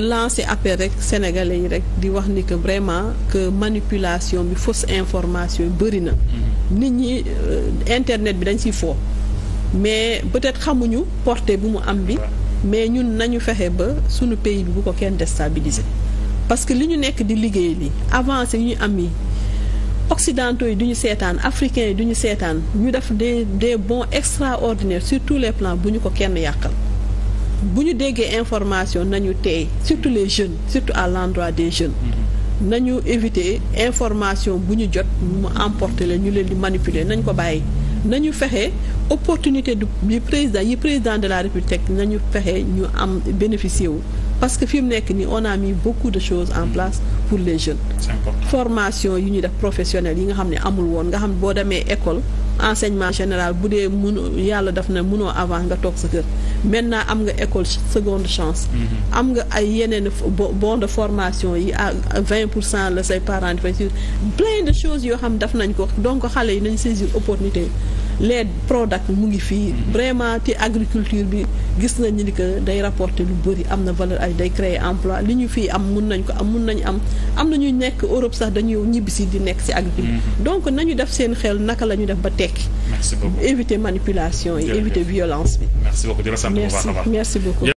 lancer appel rek sénégalais yi rek di wax ni que vraiment que manipulation bi fausse information yi bëri na. Mhm. nit ñi euh, internet bi dañ siy foo mais peut-être xamuñu portée bu mu am bi. mais ñun nañu fexe ba sunu pays bi bu ko kenn déstabiliser. parce que li ñu nekk di liggéey li avancé yu ñu am yi occidentaux yi duñu seetaan africain yi du seetaan ñu def des des bon extraordinaires sur tous les plans bu ñu ko kenn yàqal. bu ñu déggee information nañu teey surtout les jeunes surtout à l'endroit des jeunes mm-hmm. nañu éviter information bu ñu jot mu emporte la ñu leen di manipuler nañ ko bàyyi nañu fexe opportunité du yi président yi président de la république nañu fexe ñu am bénéficier wu parce que fi mu nekk nii on a mis beaucoup de chose en mm-hmm. place pour les jeunes formation yi ñuy def professionnelle yi nga xam ne amul woon nga xam boo demee école enseignement général bu dee mun yàlla daf na munoo avant nga toog sa kër maintenant am nga école seconde chance mhm. am nga ay yeneen bon de formation yi a vingt pour cent la say parents di fay plein de choses yoo xam daf nañ ko donc xale yi nañ saisir opportunité les Prodac mu ngi fii mm-hmm. vraiment ci agriculture bi gis nañu ni que day rapporter lu bëri am na valeur ay day créer emploi li ñu fii am mun nañ ko am mun nañ am am na ñuy nekk Europe sax dañuy ñibbisi di nekk ci agriculture mm-hmm. donc nañu def seen xel naka la ñu def ba tekki éviter manipulation yi éviter violence bi merci beaucoup merci beaucoup